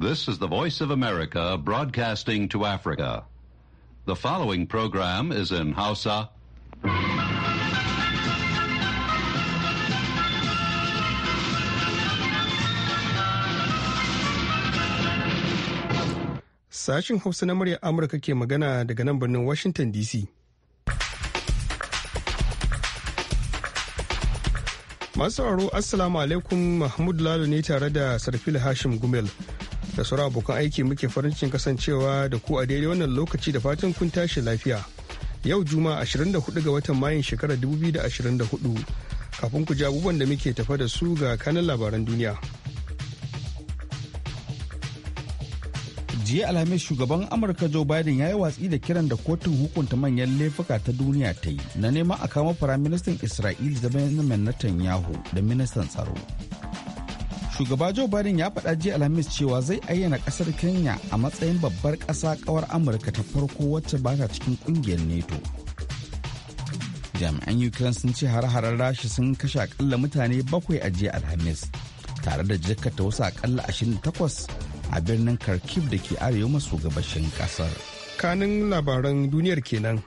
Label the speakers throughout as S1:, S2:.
S1: This is the Voice of America broadcasting to Africa. The following program is in Hausa.
S2: Sashin Hausa na murya Amurka ke magana daga nan birnin Washington DC. Masu sauraro Assalamu alaikum Mahmud Lalo ne tare da Sarfil Hashim Gumel. da sura abokan aiki muke farin cikin kasancewa da ku a daidai wannan lokaci da fatan kun tashi lafiya yau juma 24 ga watan mayun shekarar 2024 kafin ku ji abubuwan da muke tafa da su ga kanan labaran duniya jiya alhamis shugaban amurka
S3: joe biden ya yi watsi da kiran da kotun hukunta manyan laifuka ta duniya ta yi na neman a kama firaministan isra'ila da benjamin netanyahu da ministan tsaro shugaba joe biden ya faɗa jiya alhamis cewa zai ayyana ƙasar kenya a matsayin babbar ƙasa kawar amurka ta farko wacce ba ta cikin ƙungiyar NATO. jami'an ukraine sun ce har-harar rashi sun kashe akalla mutane bakwai a jiya alhamis tare da jikkata wasu akalla 28 a birnin kharkiv da ke arewa maso gabashin kasar
S2: kanin labaran duniyar kenan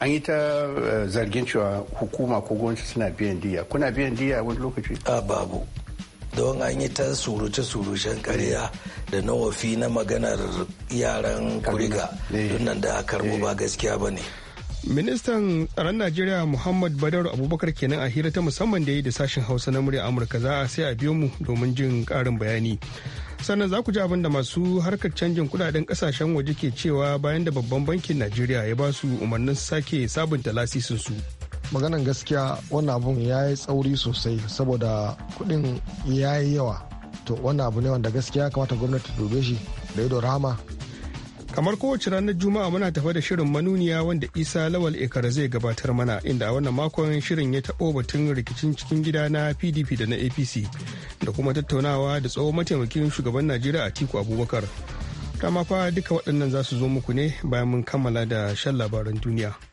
S2: an yi ta eh, zargin cewa
S4: hukuma ko gwamnati suna biyan diya kuna biyan diya wani lokaci a ah, babu don an yi ta suruce-surucen karya da nawafi na maganar yaran
S5: kuriga eh. nan da karbo ba eh. gaskiya ba ne
S2: ministan tsaron najeriya muhammad badar abubakar kenan a hira ta musamman da yi da sashen hausa na murya amurka za a sai a biyo mu domin jin karin bayani sannan za ku ji abin da masu harkar canjin kudaden kasashen waje ke cewa bayan da babban bankin najeriya ya ba su umarnin sake sabunta lasisinsu. su
S5: maganan gaskiya wannan abun ya yi tsauri sosai saboda kuɗin ya yi yawa
S2: to wannan abu ne wanda gaskiya kamata gwamnati ta dobe shi da ido rama kamar kowace ranar juma'a muna tafa da shirin manuniya wanda isa lawal ekara zai gabatar mana inda a wannan makon shirin ya taɓo batun rikicin cikin gida na pdp da na apc da kuma tattaunawa da tsohon mataimakin shugaban najeriya atiku abubakar dama fa duka waɗannan za su zo muku ne bayan mun kammala da shan labaran duniya.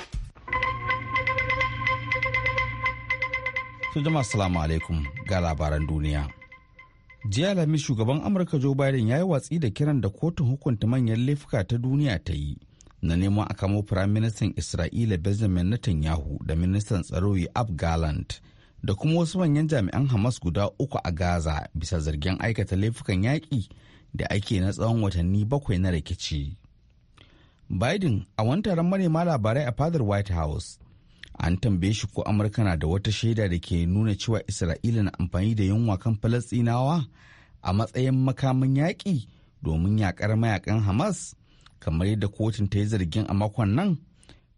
S3: sun jama salamu alaikum ga labaran duniya jiya lami shugaban amurka joe biden ya yi watsi da kiran da kotun hukunta manyan laifuka ta duniya ta yi na neman a kamo firaministan isra'ila benjamin netanyahu da ministan tsaro ab gallant da kuma wasu manyan jami'an hamas guda uku a gaza bisa zargin aikata laifukan yaƙi da ake na tsawon watanni bakwai na rikici biden a wani taron manema labarai a fadar white house an tambaye shi ko amurka na da wata shaida da ke nuna cewa isra'ila na amfani da yunwa kan falastinawa a matsayin makamin yaƙi domin yaƙar mayakan hamas kamar yadda kotun ta yi zargin a makon nan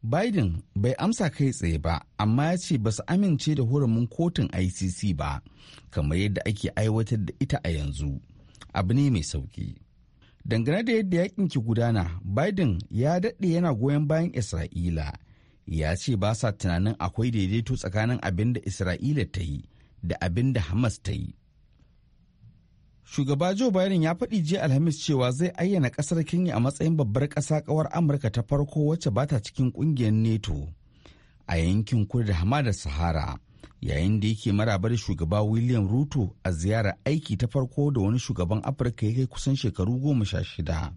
S3: biden bai amsa kai tsaye ba amma ya ce ba su amince da hurumin kotun icc ba kamar yadda ake aiwatar da ita a yanzu abu ne mai sauki dangane da yadda yakin ki gudana biden ya daɗe yana goyon bayan isra'ila ya ce ba sa tunanin akwai daidaito tsakanin abin da isra'ila ta yi da abin da hamas ta yi shugaba joe biden ya faɗi jiya alhamis cewa zai ayyana ƙasar kenya a matsayin babbar ƙasa ƙawar amurka ta farko wacce ba ta cikin ƙungiyar neto a yankin kudu da hamadar sahara yayin da yake marabar shugaba william ruto a ziyarar aiki ta farko da wani shugaban afirka ya kai kusan shekaru goma sha shida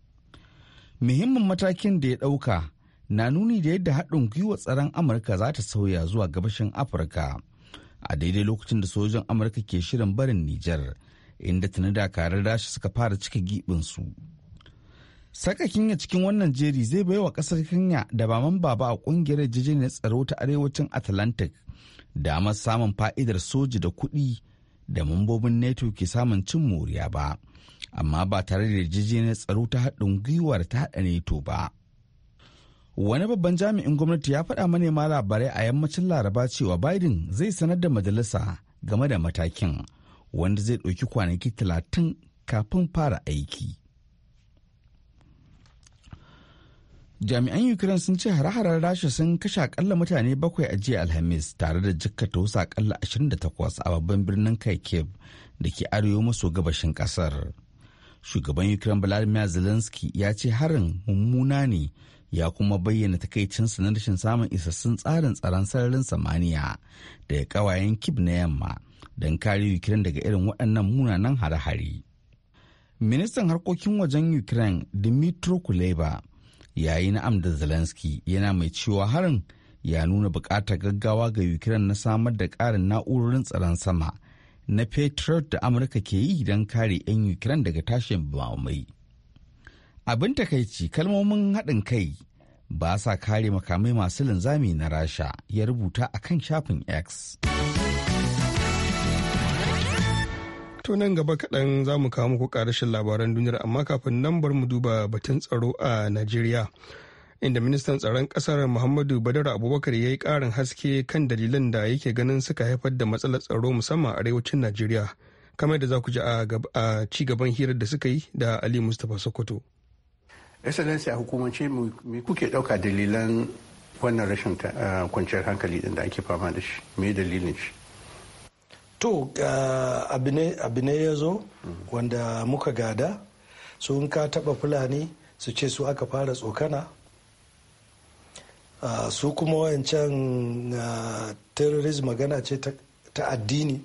S3: muhimmin matakin da ya ɗauka na nuni da yadda haɗin gwiwa tsaron amurka za ta sauya zuwa gabashin afirka a daidai lokacin da sojojin amurka ke shirin barin nijar inda tuni dakarar rashi suka fara cika giɓinsu saka kenya cikin wannan jeri zai bai wa ƙasar kenya da ba mamba ba a ƙungiyar yarjejeniyar tsaro ta arewacin atlantic damar samun fa'idar soji da kuɗi da mambobin nato ke samun cin moriya ba amma ba tare da yarjejeniyar tsaro ta haɗin gwiwar ta haɗa nato ba wani babban jami'in gwamnati ya faɗa manema labarai a yammacin laraba cewa biden zai sanar da majalisa game da matakin wanda zai ɗauki kwanaki talatin kafin fara aiki jami'an ukraine sun ce hare-haren rasha sun kashe akalla mutane bakwai a jiya alhamis tare da ta wasu akalla 28 a babban birnin kharkiv da ke arewa maso gabashin kasar shugaban ukraine vladimir zelensky ya ce harin mummuna ne ya kuma bayyana takaicinsa na rashin samun isassun tsarin tsaron sararin samaniya da kawayen kib na yamma don kare ukraine daga irin waɗannan munanan hare-hare ministan harkokin wajen ukraine dimitro kuleba ya yi na'am da zelensky yana mai cewa harin ya nuna bukatar gaggawa ga ukraine na samar da ƙarin na'urorin tsaron sama na patriot da amurka ke yi don kare 'yan ukraine daga tashin bamamai. abin takaici kalmomin haɗin kai ba sa kare makamai masu linzami na rasha ya rubuta a kan
S2: shafin x to nan gaba kaɗan za mu kawo muku ƙarashin labaran duniyar amma kafin nan bar mu duba batun tsaro a najeriya inda ministan tsaron ƙasar muhammadu badara abubakar ya yi ƙarin haske kan dalilan da yake ganin suka haifar da matsalar tsaro musamman a arewacin najeriya kamar da za ku ji a ci gaban hirar da suka yi da ali mustapha sokoto
S4: excellency a hukumance me kuke dauka dalilan wannan rashin eh, kwanciyar hankali din da ake fama da shi me dalilin shi
S5: to abu ne ya zo wanda muka gada su in ka taba fulani su ce su aka fara tsokana ah, su kuma wayancan ah, terrorism magana ce ta addini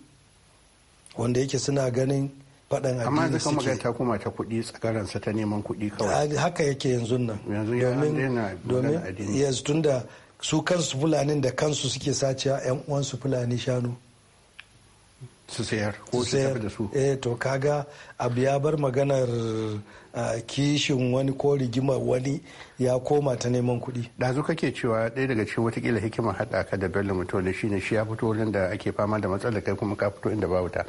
S5: wanda yake suna ganin faɗan addini amma zaka kan magana
S4: ta koma ta kuɗi tsakaransa ta neman kuɗi kawai
S5: haka yake yanzu nan
S4: domin domin
S5: yanzu tunda su kansu fulanin da kansu suke sacewa yan uwansu fulani shanu
S4: su sayar ko su tafi da su
S5: eh to kaga abu ya bar maganar kishin wani ko rigima wani ya koma ta neman kuɗi
S4: ɗazu kake cewa ɗaya daga cikin watakila hikimar haɗa ka da bello mutum ne shi ya fito wurin da ake fama da matsalar kai kuma ka fito inda ba wuta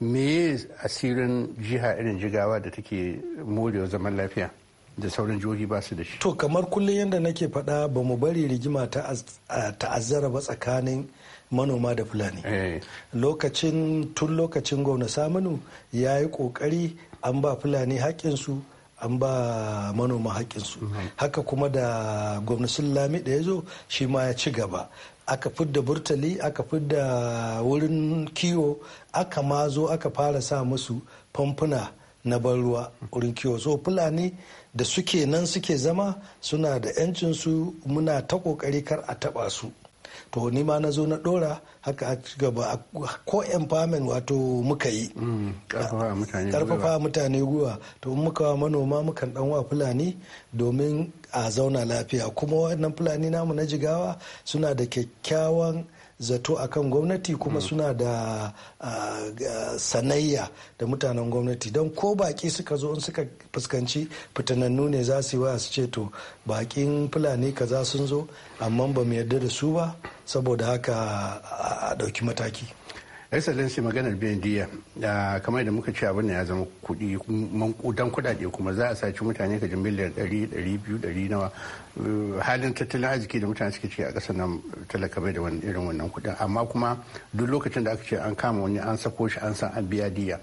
S4: Me asirin jiha irin jigawa da take morewa zaman lafiya da sauran jihohi ba su da shi to kamar kullum yadda nake faɗa ba mu bari rigima ta'azzara ba
S5: tsakanin manoma da fulani eh. lokacin tun lokacin gwamna saminu ya yi ƙoƙari an ba fulani haƙƙinsu an ba manoma haƙƙinsu mm-hmm. haka kuma da gwamna sun lami da ya zo shi ma ya ci gaba aka fidda burtali aka fidda wurin kiwo aka ma zo aka fara sa musu famfuna na ban ruwa wurin kiwo so fulani da suke nan suke zama suna da 'yancinsu muna ta kokari kar a taba su to ni ma na zo na dora haka a ci gaba ko empowerment wato muka yi karfafa mm, mutane guwa to muka wa manoma mukan dan wa fulani domin a zauna lafiya kuma wannan fulani namu na jigawa suna da kyakkyawan zato a kan gwamnati kuma mm. suna da sanayya da mutanen gwamnati don ko baki suka zo in suka fuskanci fitanannu ne za su yi waya su ce to bakin fulani kaza sun zo amma ba mu yarda da su ba saboda
S4: haka a ɗauki mataki excellency maganar biyan diya kamar da muka ce abin ya zama kuɗi don kudade kuma za a saci mutane ka jin miliyan ɗari ɗari nawa uh, halin tattalin arziki da mutane suke ce a ƙasar nan talaka bai da irin wannan kuɗi amma kuma duk lokacin da aka ce an kama wani an sako shi an san an biya diya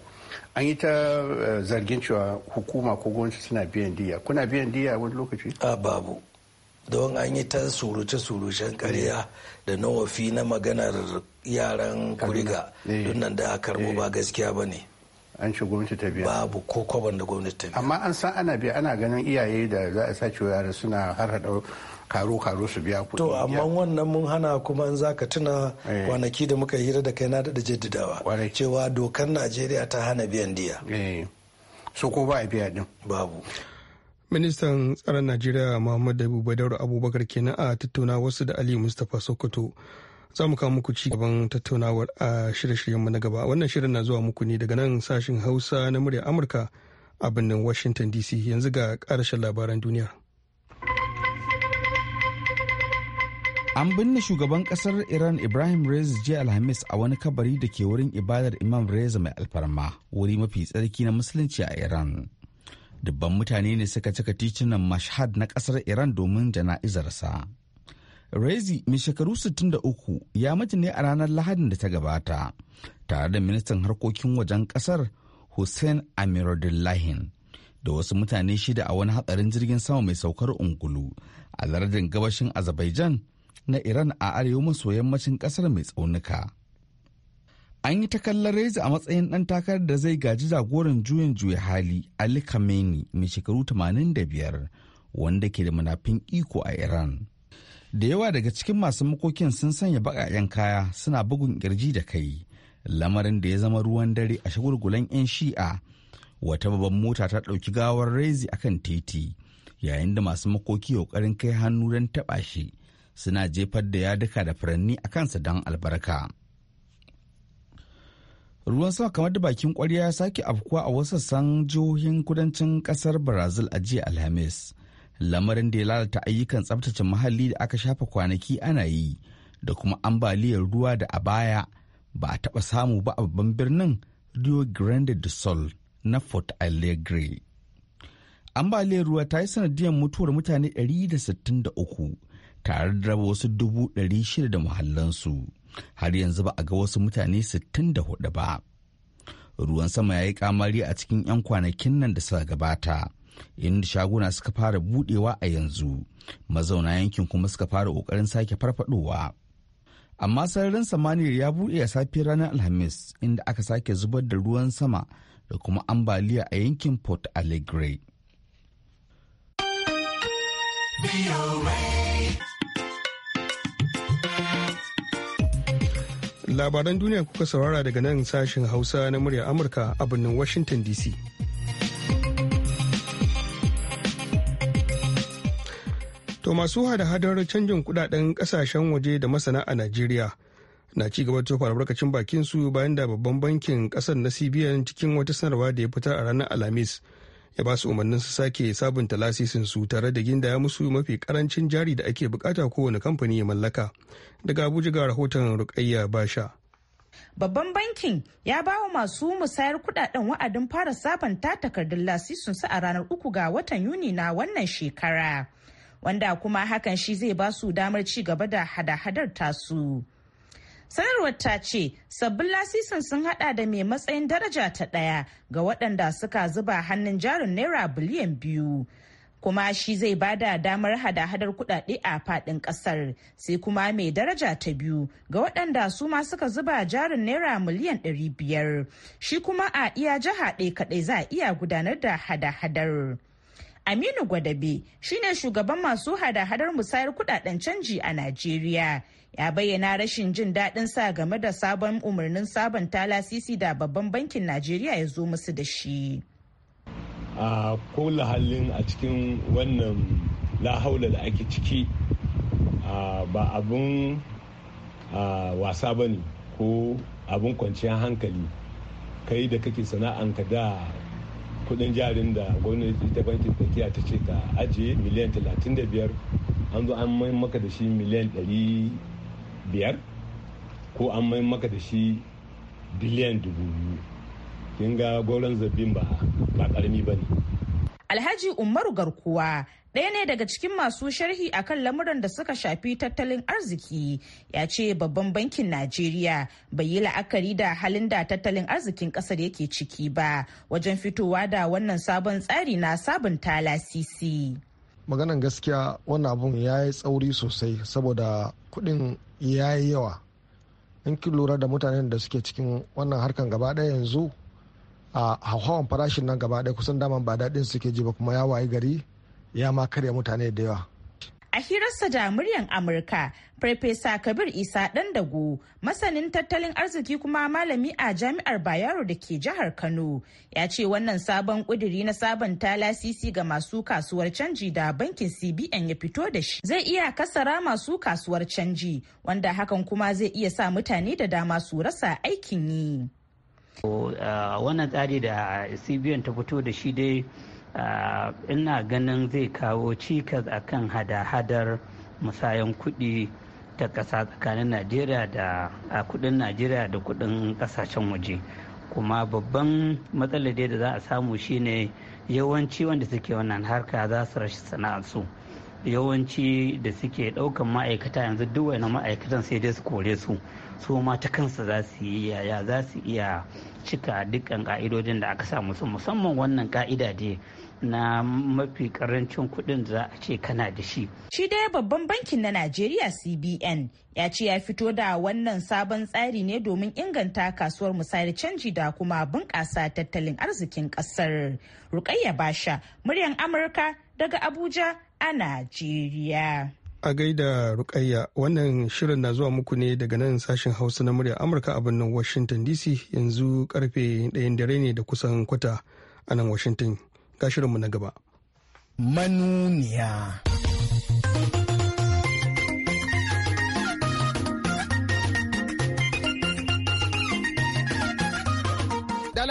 S4: an yi ta uh, zargin cewa hukuma ko gwamnati suna biyan diya kuna biyan diya wani lokaci a babu don an yi ta suruce-surucen karya da nawafi na maganar yaran kuriga eh. don nan da karbo ba eh. gaskiya ba ne an ce gwamnati ta biya babu ko kwaban da gwamnati ta biya amma an san ana biya ana ganin iyaye da za a sace yara suna har hada karo karo su biya kuɗi to amma wannan mun hana kuma an zaka
S5: tuna eh. kwanaki da muka hira da kai na da jaddadawa cewa dokar Najeriya ta hana
S4: biyan
S2: diya
S4: so ko ba a biya din babu
S2: ministan tsaron najeriya muhammad badaru abubakar kenan a tattauna wasu da ali mustapha sokoto za mu kawo muku ci gaban tattaunawar a shirye-shiryenmu na gaba wannan shirin na zuwa muku ne daga nan sashen hausa na murya amurka a birnin washington dc yanzu ga karashen labaran duniya an binne shugaban kasar
S3: iran ibrahim reza jiya alhamis a wani kabari da ke wurin ibadar imam reza mai alfarma wuri mafi tsarki na musulunci a iran dubban mutane ne suka cika titunan mashhad na kasar iran domin jana'izarsa rezi mai shekaru 63 ya mutu ne a ranar lahadin da ta gabata tare da ministan harkokin wajen kasar hussein amiruddin da wasu mutane shida a wani hatsarin jirgin sama mai saukar ungulu a lardin gabashin azerbaijan na iran a arewa maso yammacin kasar mai tsaunuka An yi ta kallon Reza a matsayin ɗan takarar da zai gaji jagoran juyin juya hali Ali Khamenei mai shekaru 85 wanda ke da munafin iko a Iran. Da yawa daga cikin masu makokin sun sanya baƙaƙen kaya suna bugun ƙirji da kai. Lamarin da ya zama ruwan dare a shagulgulan 'yan shi'a. Wata babban mota ta ɗauki gawar Rezi kan titi yayin da masu makoki ƙoƙarin kai hannu don taɓa shi suna jefar da yaduka da furanni a kansa don albarka. ruwan sama kamar da bakin kwarya ya sake afkuwa a wasu sassan jihohin kudancin kasar brazil a jiya alhamis lamarin da ya lalata ayyukan tsabtace muhalli da aka shafa kwanaki ana yi da kuma ambaliyar ruwa da a baya ba a taɓa samu ba a babban birnin rio grande do sol na fort alegre ambaliyar ruwa ta yi sanadiyar mutuwar mutane 163 tare da raba wasu dubu 600 da muhallansu. har yanzu ba a ga wasu mutane 64 ba ruwan sama ya yi kamari a cikin 'yan kwanakin nan da suka gabata inda shaguna suka fara budewa a yanzu mazauna yankin kuma suka fara ƙoƙarin sake farfadowa amma sararin samaniyar ya buɗe a safiyar ranar alhamis inda aka sake zubar da ruwan sama da kuma ambaliya a yankin port alegre
S2: labaran duniya kuka saurara daga nan sashen hausa na murya amurka a birnin washington dc to masu hada-hadar canjin kudaden kasashen waje da masana a najeriya na ci gaba tofa albarkacin bakin su bayan da babban bankin kasar na cbn cikin wata sanarwa da ya fitar a ranar alhamis ya ba su umarnin su sake sabunta lasisin su tare da gindaya musu mafi karancin jari da ake bukata kowane kamfani ya mallaka daga abuja ga rahoton rukayya basha
S1: babban bankin ya ba wa masu musayar kudaden wa'adin fara sabanta takardun lasisin su a ranar uku ga watan yuni na wannan shekara wanda kuma hakan shi zai ba su damar ci gaba da hada-hadar tasu. sanarwar ta ce sabbin lasisin sun hada da mai matsayin daraja ta ɗaya ga waɗanda suka zuba hannun jarin naira biliyan biyu kuma shi zai bada damar hada-hadar kudade a fadin kasar sai kuma mai daraja ta biyu ga waɗanda su ma suka zuba jarin naira miliyan biyar shi kuma a iya jiha ɗaya kaɗai za a iya gudanar da hada-hadar Aminu Gwadabe shine shugaban masu hada-hadar musayar kudaden canji a Najeriya. Ya bayyana rashin jin daɗin sa game da sabon umarnin sabonta lasisi da babban bankin Najeriya ya zo musu da shi.
S6: A kola halin a cikin wannan lahaular da ake ciki ba abun wasa ba ne ko abin kwanciyar hankali kai da kake sana'anka da kudin jarin da gwamnati ta bankin tsakiya ta ce ka ajiye miliyan 35 an zo an mai maka da shi miliyan 500 ko an mai maka da shi biliyan 2000 kin ga gwauron zabin ba karami ba ne
S1: Alhaji Umaru Garkuwa ɗaya ne daga cikin masu sharhi akan lamuran da suka shafi tattalin arziki ya ce babban bankin najeriya bai yi la'akari da halin da tattalin arzikin ƙasar yake ciki ba wajen fitowa da wannan sabon tsari na sabunta lasisi
S5: maganan gaskiya wannan abun ya yi tsauri sosai saboda kuɗin ya yi yawa in kin lura da mutanen da suke cikin wannan harkan gaba ɗaya yanzu a hauhawan farashin nan gaba ɗaya kusan daman ba daɗin suke ji ba kuma ya wayi gari ya ma karya mutane da yawa
S1: a hirarsa da muryan amurka farfesa kabir isa dan dago masanin tattalin arziki kuma malami a jami'ar bayero da ke jihar kano ya ce wannan sabon kuduri na sabanta lasisi ga masu kasuwar canji da bankin cbn ya fito da shi zai iya kasara masu kasuwar canji wanda hakan kuma zai iya sa mutane da dama su rasa aikin yi wannan tsari da cbn ta fito da shi dai ina ganin zai kawo cikas a kan hada-hadar musayan kuɗi ta ƙasa tsakanin najeriya da a kuɗin najeriya da kuɗin ƙasashen waje kuma babban matsala dai da za a samu shine yawanci wanda suke wannan harka za su rashi sana'arsu yawanci da suke ɗaukan ma'aikata yanzu duk wani ma'aikatan sai dai su kore su su ma ta kansa za su yi yaya za su iya cika dukkan ka'idodin da aka sa musu musamman wannan ka'ida dai na mafi karancin kuɗin za a ce kana da shi. Shi dai babban bankin na Najeriya CBN ya ce ya fito da wannan sabon tsari ne domin inganta kasuwar misali canji da kuma bunƙasa tattalin arzikin ƙasar. Rukayya Basha, muryan Amurka daga Abuja a Najeriya.
S2: a gaida rukayya wannan shirin na zuwa muku ne daga nan sashen hausa na murya amurka a birnin washington dc yanzu karfe ɗayan dare ne da kusan kwata a nan washington ga shirinmu na gaba
S5: manuniya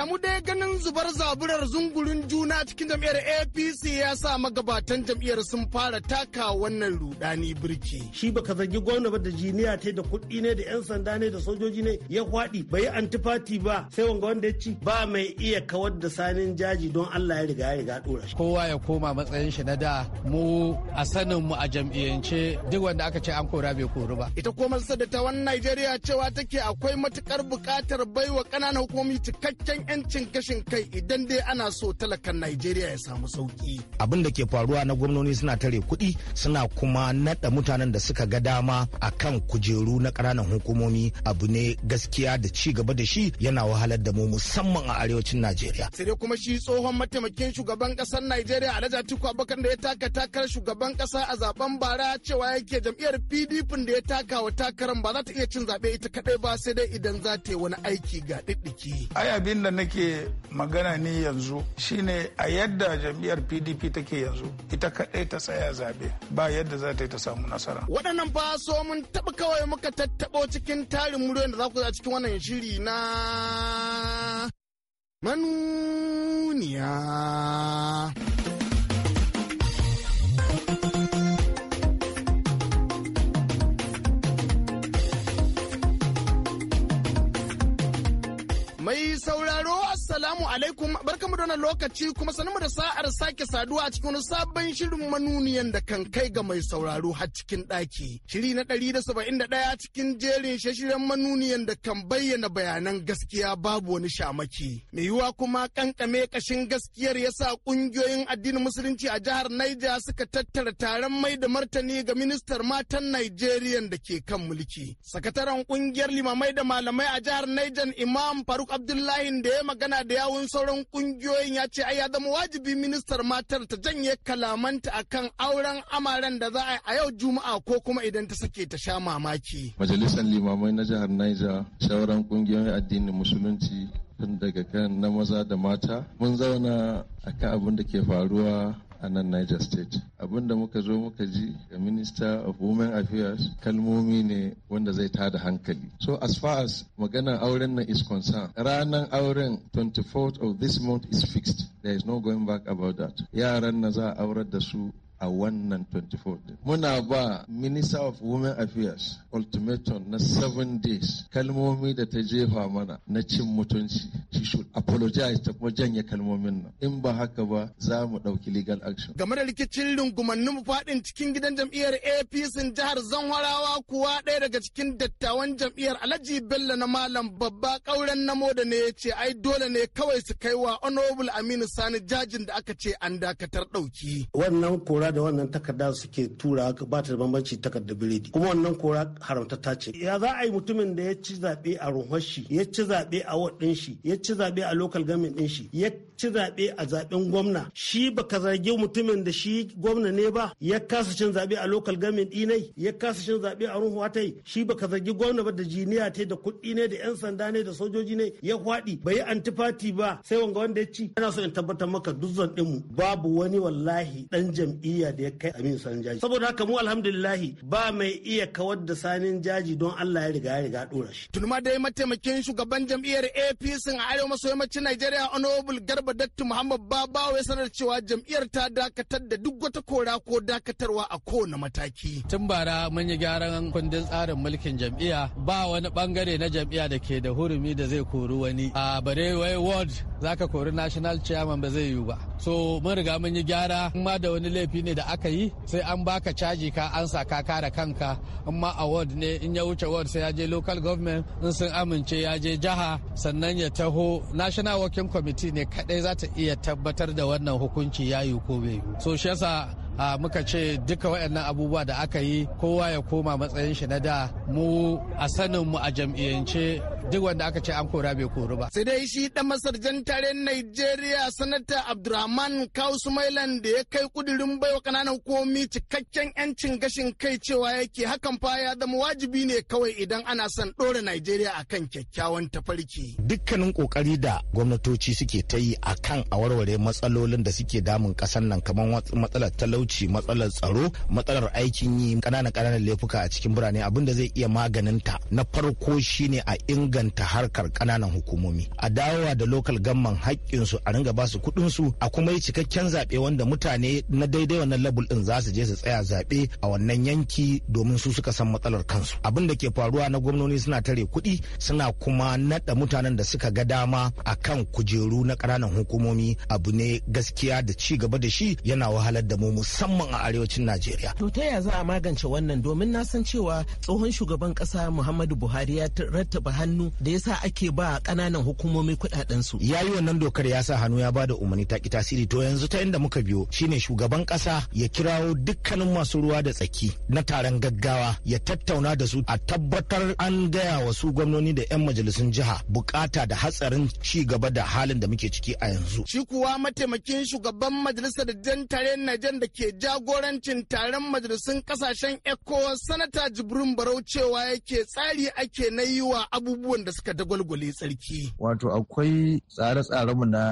S7: mu dai ganin zubar zaburar zungurin juna cikin jam'iyyar apc ya sa magabatan jam'iyyar sun
S6: fara taka wannan rudani birki shi baka zargi gwamna ba da jiniya ta da kuɗi ne da yan sanda ne da sojoji ne ya kwaɗi bai yi antifati ba sai wanga wanda ya ci ba mai iya
S8: kawar da sanin jaji don allah ya riga ya riga dora shi kowa ya koma matsayin shi na da mu a sanin mu a jam'iyyance duk wanda aka ce an kora bai kori ba ita komar wani
S7: najeriya cewa take akwai matukar bukatar baiwa ƙananan hukumomi cikakken 'yancin gashin kai idan dai ana so talakan Najeriya ya samu
S6: sauki. Abin da ke faruwa na gwamnoni suna tare kuɗi suna kuma naɗa mutanen da suka ga dama a kan kujeru na ƙananan hukumomi abu ne gaskiya da ci gaba da shi yana wahalar da mu musamman a arewacin Najeriya.
S7: Sai dai kuma shi tsohon mataimakin shugaban ƙasar Najeriya Alhaji Atiku Abubakar da ya taka takarar shugaban ƙasa a zaben bara cewa yake jam'iyyar PDP da ya taka wa takarar ba za ta iya cin
S9: zaɓe ita kaɗai ba sai dai idan za ta yi wani aiki ga ɗiɗɗiki. Ai abin da nake magana ne yanzu shine a yadda jam'iyyar pdp take yanzu ita kaɗai ta tsaya zaɓe ba yadda za ta yi ta samu nasara
S7: waɗannan faso so mun taɓa kawai muka tattaɓo cikin tarin muryoyin da za ku za cikin wannan shiri na manuniya Mai sauraro Assalamu alaikum. kuma mu da lokaci kuma mu da sa'ar sake saduwa a cikin wani sabon shirin manuniyan da kan kai ga mai sauraro har cikin ɗaki. Shiri na ɗari da saba'in da ɗaya cikin jerin shashiren manuniyan da kan bayyana bayanan gaskiya babu wani shamaki. Me yiwuwa kuma kankame kashin gaskiyar ya sa ƙungiyoyin addinin musulunci a jihar Niger suka tattara taron mai da martani ga ministar matan Nigeria da ke kan mulki. Sakataren ƙungiyar limamai da malamai a jihar Niger Imam Faruk Abdullahi da ya magana da yawun sauran wakilan ƙungiyoyin ya ce ai ya zama wajibi ministar matar ta janye kalamanta akan auren amaren da za a yi a yau juma'a ko kuma idan ta sake ta sha mamaki.
S10: Majalisar limamai na jihar Niger sauran ƙungiyoyin addinin musulunci tun daga kan na maza da mata mun zauna akan abin da ke faruwa a nan Niger State. Abin da muka zo muka ji ga Minister of Women Affairs kalmomi ne wanda zai tada hankali. So as far as magana auren nan is concerned, ranar auren 24th of this month is fixed. There is no going back about that. Yaran na za a aurar da su a wannan 24 din. Muna ba Minister of Women Affairs ultimatum na 7 days kalmomi da ta jefa mana na cin mutunci. She should apologize ta kuma janye kalmomin nan. In ba haka ba za mu ɗauki legal action. Game da rikicin rungumannin
S7: faɗin cikin gidan jam'iyyar APC jihar Zanwarawa kuwa ɗaya daga cikin dattawan jam'iyyar Alhaji Bello na Malam babba ƙauren na moda ne ya ce ai dole ne kawai su kai wa Honorable Aminu Sani jajin da aka ce an dakatar ɗauki.
S8: Wannan kura kora da wannan takarda
S6: suke tura ba ta da bambanci takarda biredi kuma wannan kora haramtatta ce ya za a yi mutumin da ya ci zaɓe a ruhon shi ya ci zaɓe a wad shi ya ci zaɓe a local gamin din shi ya ci zaɓe a zaɓen gwamna shi baka zage mutumin da shi gwamna ne ba ya kasa cin zaɓe a local government ɗinai ya kasa cin zaɓe a ruhu watai shi baka zage gwamna ba da jiniya ta da kuɗi ne da 'yan sanda ne da sojoji ne ya faɗi ba yi antifati ba sai wanga wanda ya ci ana so in tabbatar maka duzan mu babu wani wallahi dan jam'iyya da ya kai amin sanin jaji saboda haka mu alhamdulillahi ba mai iya kawar da sanin jaji don Allah ya riga ya
S7: riga dora shi. Tunuma dai mataimakin shugaban jam'iyyar APC a arewa maso yammacin Najeriya Honorable Garba taraba Dattu muhammad babawa ya sanar cewa jam'iyyar ta dakatar da duk wata kora ko dakatarwa
S8: a kowane
S6: mataki
S8: tun bara mun gyaran kundin tsarin mulkin jam'iyya ba wani bangare na jam'iyya da ke da hurumi da zai kori wani a bare wai ward zaka kori national chairman ba zai yiwu ba so mun riga mun yi gyara in ma da wani laifi ne da aka yi sai an baka caji ka an sa ka kare kanka in ma ward ne in ya wuce ward sai ya je local government in sun amince ya je jiha sannan ya taho national working committee ne kaɗai kaɗai za ta iya tabbatar da wannan hukunci ya yi ko bai yi so shi yasa muka ce duka waɗannan abubuwa da aka yi kowa ya koma matsayin shi na da mu a sanin mu a jam'iyyance duk wanda aka ce an kora bai koru ba. Sai
S7: dai shi dan masarjan tarayyar Najeriya sanata Abdurrahman Kausu Mailan da ya kai kudirin baiwa kananan komi cikakken yancin gashin kai cewa yake hakan fa ya zama wajibi ne kawai idan ana son ɗora Najeriya akan kyakkyawan tafarki.
S6: Dukkanin kokari da gwamnatoci suke ta yi akan a warware matsalolin da suke damun kasar nan kamar matsalar talauci wuce matsalar tsaro matsalar aikin yi ƙananan kananan laifuka a cikin birane abin da zai iya maganinta na farko shine a inganta harkar kananan hukumomi a dawowa da lokal gamman su a ringa basu kuɗin su a kuma yi cikakken zaɓe wanda mutane na daidai wannan labul din zasu je su tsaya zaɓe a wannan yanki domin su suka san matsalar kansu abin da ke faruwa na gwamnoni suna tare kuɗi suna kuma naɗa mutanen da suka ga dama a kan kujeru na ƙananan hukumomi abu ne gaskiya da ci gaba da shi yana wahalar da mu musamman a arewacin Najeriya. To ta yaya za a magance wannan domin na san cewa tsohon shugaban kasa Muhammadu Buhari ya rattaba hannu da yasa ake ba kananan hukumomi kudaden su. Yayi wannan dokar ya sa hannu ya bada umarni ta ki tasiri to yanzu ta inda muka biyo shine shugaban kasa ya kirawo dukkanin masu ruwa da tsaki na taron gaggawa ya tattauna da su a tabbatar an gaya wa su gwamnoni da 'yan majalisun jiha bukata da hatsarin ci gaba da halin da muke ciki a yanzu. Shi kuwa mataimakin shugaban majalisar da tare Najan da ke ke jagorancin
S7: taron majalisun kasashen eko sanata Jibrin Barau cewa yake tsari ake na
S10: yi wa abubuwan da suka dagwalgwale tsarki. Wato akwai tsare-tsarenmu na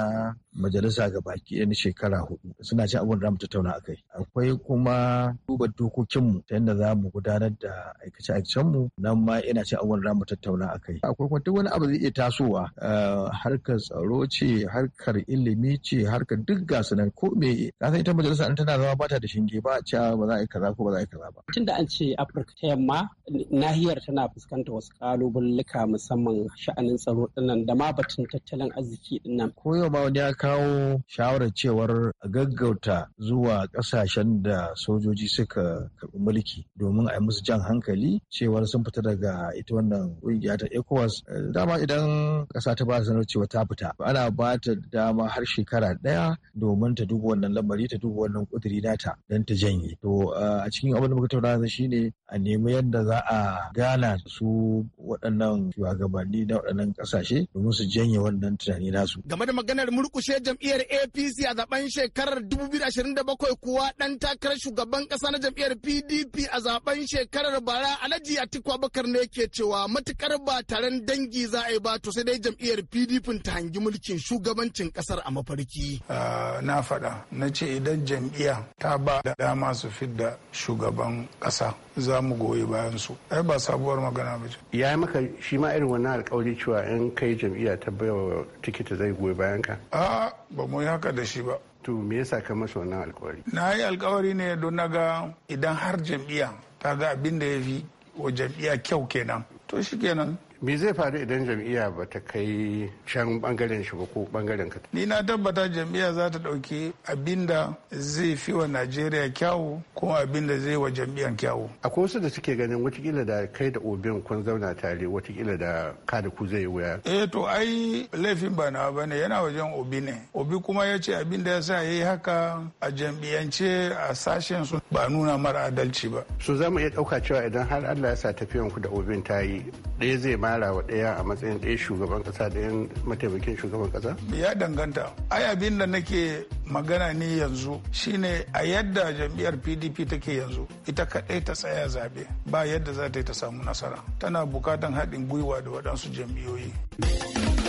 S10: majalisa ga baki yan shekara hudu suna cin abin da mu tattauna a akwai kuma duba dokokinmu ta yadda za mu gudanar da aikace mu nan ma yana cin abin da mu tattauna a kai akwai kuma duk wani abu zai iya tasowa eh, harkar tsaro ce harkar ilimi ce harkar duk gasu nan ko me ka san ita majalisa na tana zama bata da shinge ba a ce ba za a yi kaza ko ba za a yi kaza ba tunda an ce afirka ta yamma nahiyar tana fuskantar wasu
S3: kaluballuka musamman sha'anin tsaro dinnan da ma batun tattalin arziki dinnan
S10: ko yau ma wani ya kawo shawarar cewar gaggauta zuwa ƙasashen da sojoji suka karɓi mulki domin a yi musu jan hankali cewar sun fita daga ita wannan ƙungiya ta ECOWAS. Eh, dama idan ƙasa ta ba sanar cewa ta fita ana ba ta dama har shekara ɗaya domin ta duba wannan lamari ta duba wannan ƙudiri nata don ta janye. To eh, a cikin abin da muka shi shine a nemi yadda za a gana su waɗannan shugabanni na waɗannan ƙasashe domin su janye wannan tunani nasu.
S7: Game da maganar murkushe. ce jam'iyyar apc a zaben shekarar 2027 kuwa dan takarar shugaban kasa na jam'iyyar pdp a zaben shekarar bara alhaji atiku abubakar ne ke cewa matukar ba taron dangi za a yi ba to sai dai jam'iyyar pdp ta hangi mulkin shugabancin kasar
S9: a mafarki ah, na faɗa na ce idan jam'iyya ta ba da dama su fidda shugaban ƙasa za mu goyi bayan su ai ba sabuwar magana ba ce
S4: ya yi maka shi ma irin wannan alkawari cewa in kai jam'iyya ta baiwa tikiti zai goyi bayan ka a ba mu yi haka da shi ba to me yasa ka masa wannan alkawari
S9: na yi alkawari ne don ga idan har jam'iyya ta ga abin da ya fi wa jam'iyya kyau kenan to shi kenan
S4: me zai faru idan jam'iyya ba ta kai shan bangaren shi ba ko bangaren ka
S9: ni na tabbata jam'iyya za ta dauki abinda zai fi wa najeriya kyawu ko abinda zai wa jam'iyyar kyawu
S4: akwai wasu da suke ganin watakila da kai da obin kun zauna tare watakila da ka da ku zai wuya eh
S9: to ai laifin ba na ba ne yana wajen obi ne obi kuma ya ce abinda ya sa yayi haka a jam'iyyance a sashen su ba nuna mara adalci ba so za mu iya dauka cewa idan har Allah ya sa tafiyan ku da obin ta yi ɗaya
S4: zai ma kara wa ɗaya a matsayin ɗaya shugaban ƙasa da yan mataimakin shugaban ƙasa?
S9: Ya danganta. Ai abin da nake magana ne yanzu shine a yadda jam'iyyar PDP take yanzu ita kaɗai ta tsaya zaɓe ba yadda za ta yi ta samu nasara. Tana bukatan haɗin gwiwa da waɗansu jam'iyyoyi.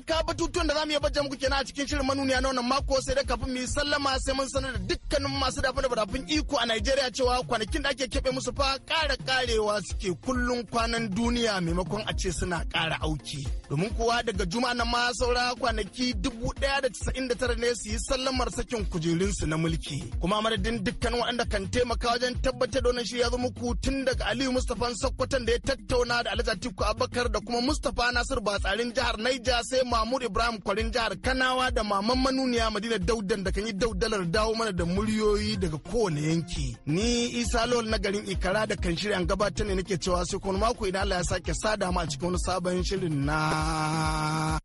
S7: ka batutuwan da za mu iya bajja muku kenan a cikin shirin manuniya na wannan mako sai dai kafin mu yi sallama sai mun sanar da dukkanin masu dafa da barafin iko a Najeriya cewa kwanakin da ake keɓe musu fa ƙara ƙarewa suke kullum kwanan duniya maimakon a ce suna ƙara auki. Domin kuwa daga juma na ma saura kwanaki dubu ɗaya da casa'in da tara ne su yi sallamar sakin kujerunsu na mulki. Kuma madadin dukkan waɗanda kan taimaka wajen tabbatar da wannan shi ya zo muku tun daga Aliyu Mustapha Sokoton da ya tattauna da Alhaji Atiku Abubakar da kuma Mustapha Nasir Batsarin jihar Niger sai mahmud ibrahim kwarin jihar kanawa da maman manuniya madina daudan da kan yi daudalar dawo mana da muryoyi daga kowane yanki ni isa lawal na garin ikara da kan shirya gabatar ne nake cewa sai kuma mako idan allah ya sake sada ma a cikin wani sabon
S2: shirin na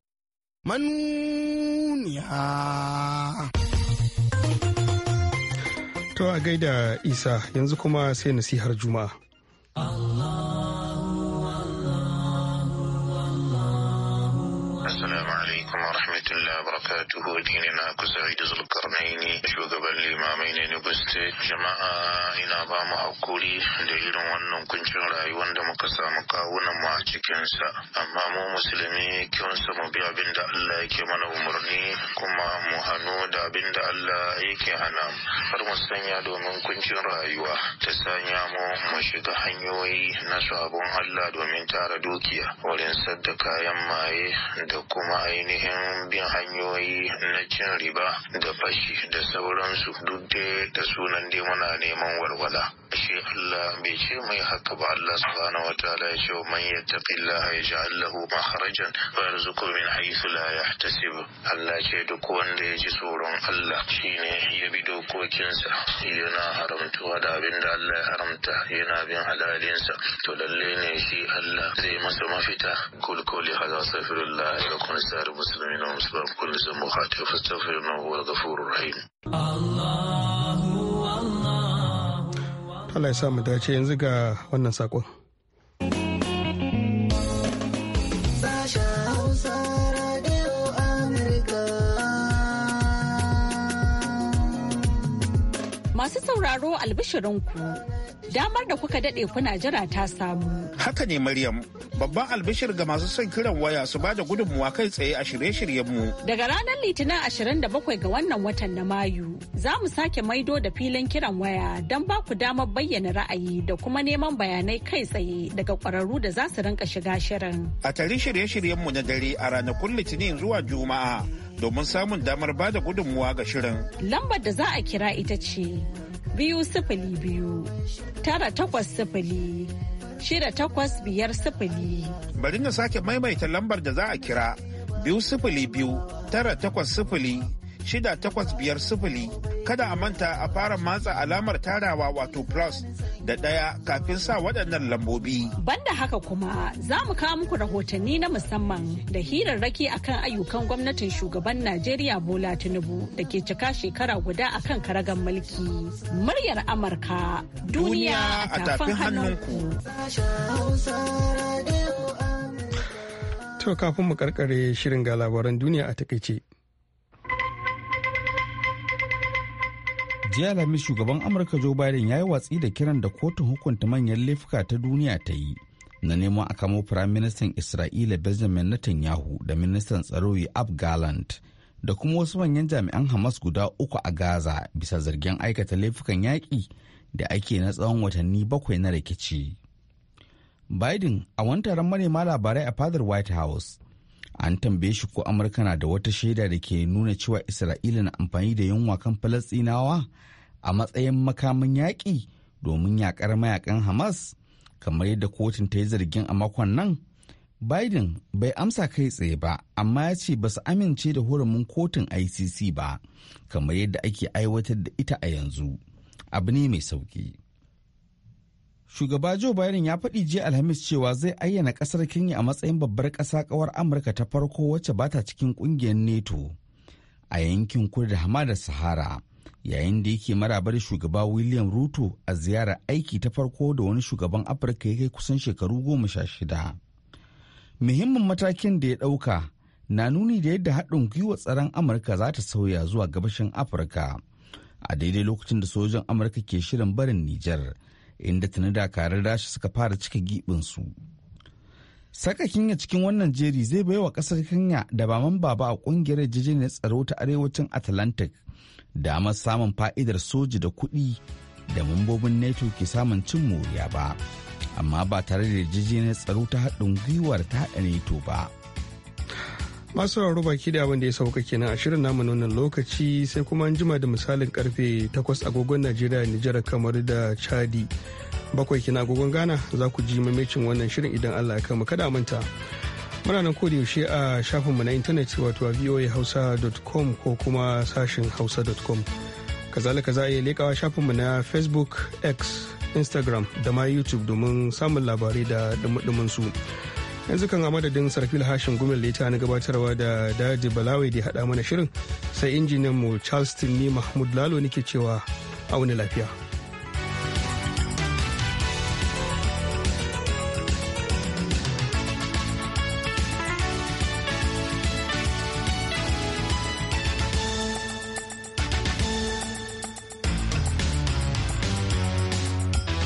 S7: manuniya
S2: to a gaida isa yanzu kuma sai nasihar juma'a Allah
S11: rahmatullah barakatuhu da ku sa'idu zulkarnaini shugaban limamai ne na state jama'a ina ba mu hakuri da irin wannan kuncin rayuwar da muka samu kawunan mu a cikinsa amma mu musulmi kyonsa mu bi abin da Allah yake mana umarni kuma mu hannu da abin da Allah yake hana har mu sanya domin kuncin rayuwa ta sanya mu mu shiga hanyoyi na sabon Allah domin tara dukiya wurin sadda kayan maye da kuma ainihin bin hanyoyi na cin riba da fashi da sauransu duk dai da sunan dai muna neman warwala shi Allah bai ce mai haka ba Allah subhanahu wa ta'ala ya ce man yattaqillah yaj'al lahu makhrajan wa yarzuqhu min haythu la yahtasib Allah ce duk wanda ya ji tsoron Allah shine ya bi dokokinsa yana haramtuwa da abin da Allah ya haramta yana bin halalinsa to lalle ne shi Allah zai masa mafita kulkuli kuli hada safirullah wa kun sar muslimin أسباب كل سموحات فاستغفر إنه هو الغفور الرحيم
S2: Allah ya sa mu dace yanzu ga wannan sakon.
S12: Masu sauraro albishirinku damar da kuka daɗe kuna jira ta samu.
S6: Haka ne Maryam, babban albishir ga masu son kiran waya su bada gudunmuwa kai tsaye a shirye-shiryenmu.
S12: Daga ranar Litinin ashirin da bakwai ga wannan watan na Mayu, za mu sake maido da filin kiran waya don ba ku damar bayyana ra'ayi da kuma neman bayanai kai tsaye daga ƙwararru da za su rinka shiga shirin.
S4: A tare
S6: shirye-shiryenmu na dare a ranakun Litinin zuwa Juma'a domin samun damar bada gudunmuwa ga shirin.
S12: Lambar da za a kira ita ce biyu sifili biyu tara takwas sifili shida takwas biyar sifili.
S6: Bari na sake maimaita lambar da za a kira biyu sifili biyu tara takwas sifili shida kada a manta a fara matsa alamar tarawa wato plus da ɗaya kafin sa waɗannan lambobi.
S12: Banda haka kuma za mu kawo muku rahotanni na musamman da hirarraki akan ayyukan gwamnatin shugaban Najeriya Bola Tinubu da ke cika shekara guda akan karagan mulki. Muryar Amurka duniya
S8: a tafin hannunku.
S2: To kafin mu karkare shirin ga labaran duniya a takaice. jiya lami shugaban amurka joe biden ya yi watsi da kiran da
S3: kotun hukunta manyan laifuka ta duniya ta yi na neman a kamo firaministan isra'ila benjamin netanyahu da ministan tsaro ab gallant da kuma wasu manyan jami'an hamas guda uku a gaza bisa zargin aikata laifukan yaƙi da ake na tsawon watanni bakwai na rikici biden a wani taron manema labarai a fadar white house an tambaye shi ko amurka na da wata shaida da ke nuna cewa isra'ila na amfani da yunwa kan falastinawa a matsayin makamin yaƙi domin yaƙar mayakan hamas kamar yadda kotun ta yi zargin a makon nan biden bai amsa kai tsaye ba amma ya ce ba su amince da hurumin kotun icc ba kamar yadda ake aiwatar da ita a yanzu abu ne mai sauki Shugaba Joe Biden ya faɗi jiya Alhamis cewa zai ayyana ƙasar Kenya a matsayin babbar ƙasa ƙawar Amurka ta farko wacce ba ta cikin ƙungiyar NETO. a yankin kudu da Sahara. Yayin da yake marabar shugaba William Ruto a ziyarar aiki ta farko da wani shugaban Afirka ya kai kusan shekaru goma sha shida. Muhimmin matakin da ya ɗauka na nuni da yadda haɗin gwiwa tsaron Amurka za ta sauya zuwa gabashin Afirka. A daidai lokacin da sojan Amurka ke shirin barin Nijar. inda tuni dakarar rashi suka fara cika giɓinsu. Saka Kenya cikin wannan jeri zai bai wa ƙasar Kenya da ba mamba ba a ƙungiyar yarjejeniyar tsaro ta arewacin Atlantic damar samun fa'idar soji da kuɗi da mambobin NATO ke samun cin moriya ba, amma ba tare da yarjejeniyar tsaro ta haɗin gwiwar ta NATO
S2: ba. masu sauraro baki da abin da ya sauka kenan a shirin namu na wannan lokaci sai kuma an jima da misalin karfe 8 agogon najeriya nijar kamar da chadi bakwai kina agogon ghana za ku ji mamacin wannan shirin idan allah ya kama kada manta muna nan koda yaushe a shafinmu na intanet wato a voahausa.com ko kuma sashin hausa.com kazalika za a iya lekawa shafinmu na facebook x instagram da ma youtube domin samun labarai da dumudumin su. yanzu kan a madadin sarfil hashin gumin leta na gabatarwa da daji balawai da haɗa mana shirin sai injiniyan mu charleston ne mahmud lalo nake cewa auni lafiya